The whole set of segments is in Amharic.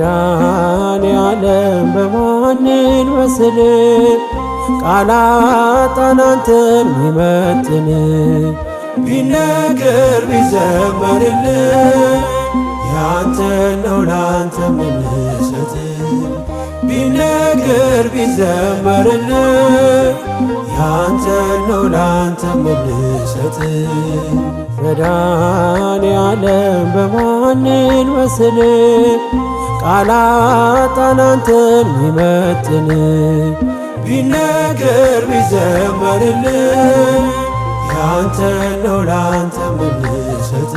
መድኃኔዓለም በማን ልመስል ቃላት አንተን ሚመጥን ቢነገር ቢዘመርል ያንተ ነው ላንተ ምንሰት ቢነገር ቢዘመርል ያንተ ነው ላንተ ምንሰት መድኃኔዓለም በማን ልመስል ቃላት አናንተን ይመጥን ቢነገር ቢዘመርል ያንተ ነው ላንተ ምንሰጥ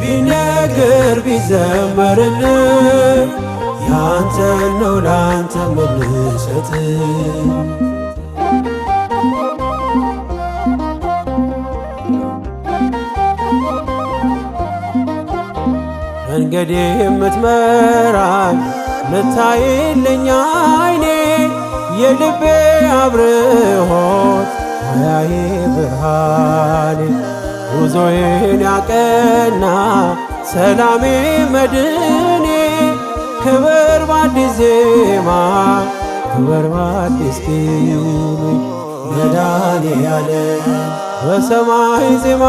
ቢነገር ቢዘመርል ያንተ ነው ላንተ ምንሰጥ መንገድ የምትመራኝ ምታይልኛ አይኔ የልቤ አብርሆት አያዬ ብርሃኔ ጉዞዬን ያቀና ሰላሜ መድኔ ክብር በአዲስ ዜማ ክብር በአዲስ ኪኑ መዳኔ ያለ በሰማይ ዜማ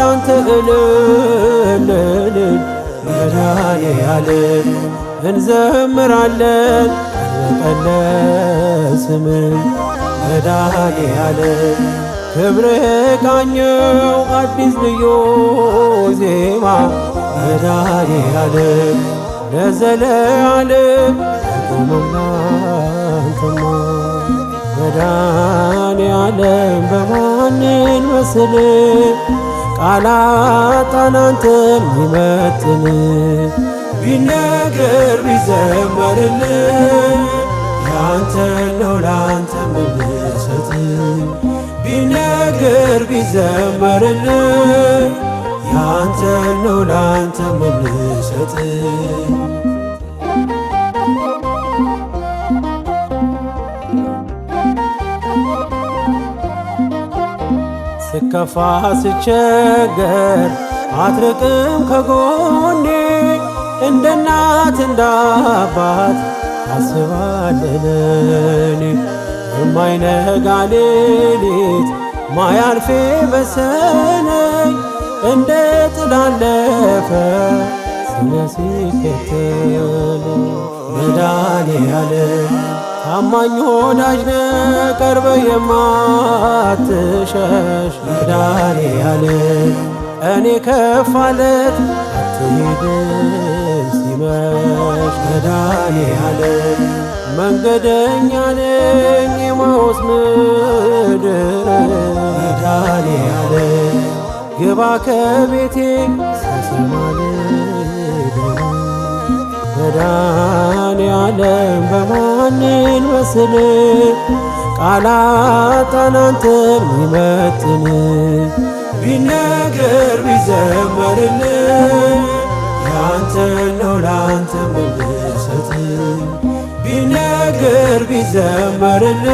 ላንተ እልልል መዳኔ ያለ እንዘምራለን ቀለቀለ ስምን መዳኔ ያለ ክብር ቃኘው አዲስ ልዩ ዜማ መዳኔ ያለ ለዘለዓለም ቆመና አንተማ መዳኔ ያለም በማንን መስል ቃላት አናንተን ይመጥን ቢነገር ቢዘመርል ያንተ ነው ላንተ ምንሰት ቢነገር ቢዘመርል ያንተ ነው ላንተ ምንሰት ስከፋ ስቸገር አትርቅም ከጎኔ እንደ እናት እንደ አባት ታስባለለኔ የማይነጋ ሌሊት ማያልፌ በሰነኝ እንደ ጥላለፈ ስለሲከተል መዳኔ ያለ ታማኝ ወዳጅ ነህ ቀርበ የማትሸሽ መዳኔ ያለ እኔ ከፋለት አትሂድ ሲመሽ መዳኔ ያለ መንገደኛ ነኝ የማውስ ምድር መዳኔ ያለ ግባ ከቤቴ ሳሰማል መዳኔ ያለም በማ ያንን መስል ቃላት አንተን ሚመጥን ቢነገር ቢዘመርን ያንተ ነው ላንተ መደሰት ቢነገር ቢዘመርን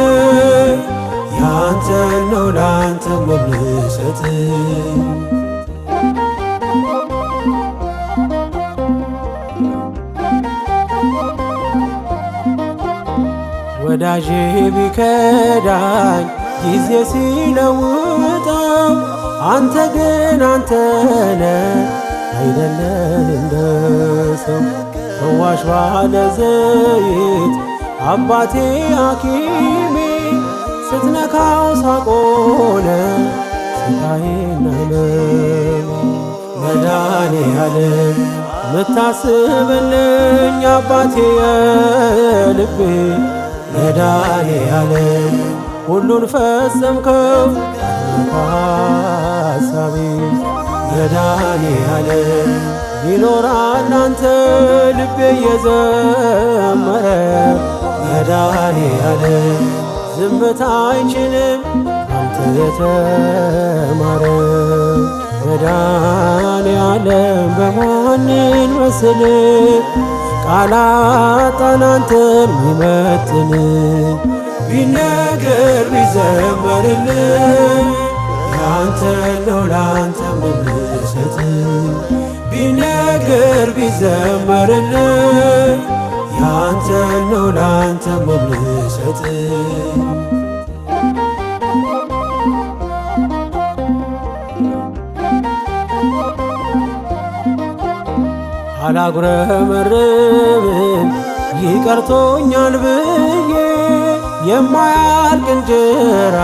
ያንተ ነው ላንተ መደሰት ወዳጅ ቢከዳኝ ጊዜ ሲለውጠው አንተ ግን አንተነ አይደለን እንደሰው ሰዋሽ ባለ ዘይት አባቴ አኪሜ ስትነካው ሳቆነ ስቃዬና መዳኔ ያለ ምታስብልኝ አባቴ የልቤ መዳኔ ያለ ሁሉን ፈጸምከው ሀሳቤ መዳኔ ያለ ይኖራል አንተ ልቤ እየዘመረ መዳኔ ያለ ዝምታ አይችልም አንተ የተማረ መዳኔ ያለ በማንን መስል ቃላጣን አንተን ሚመጥን ቢነገር ቢዘመርል ነው ምንሰት ቢነገር ቢዘመርል አላጉረመርምም ይቀርቶኛል ብዬ የማያልቅ እንጀራ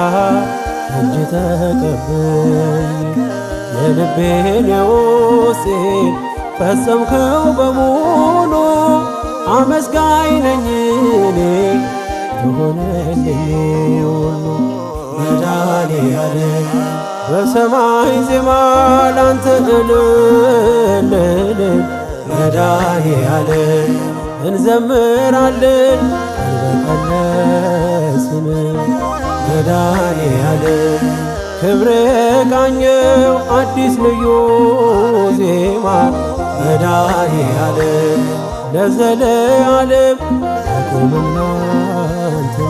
እጅ ተቀብዬ የልቤን የውስጤን ፈጸምከው በሙሉ አመስጋኝ ነኝ እኔ የሆነልኝ ሁሉ መድኃኔዓለም በሰማይ ዜማ ላንተ እልል ያለ እንዘምራለን አንበቀለስም ያለ ክብረ ቃኘው አዲስ ልዩ ዜማ መድኃኔዓለም ለዘለዓለም አቁምና አንተማ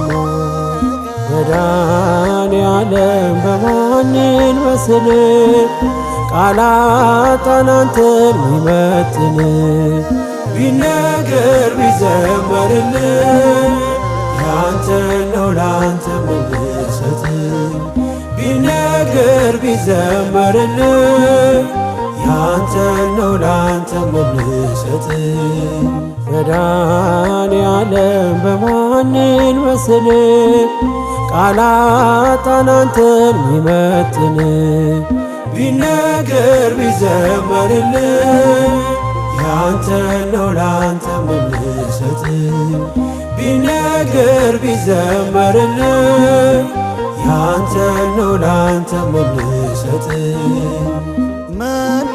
መድኃኔዓለም በማንን መስል ቃላታን አንተን ሚመጥን ቢነገር ቢዘመርልን ያንተን ነው ላንተ መደሰት ቢነገር ቢዘመርልን ያንተን ነው ላንተ መደሰት መድኃኔዓለም በማን እንመስል ቃላታን አንተን ሚመጥን ቢነገር ቢዘመርል ያንተ ነው ላንተ ምንሰጥ ቢነገር ቢዘመርል ያንተ ነው ላንተ ምንሰጥ መኖ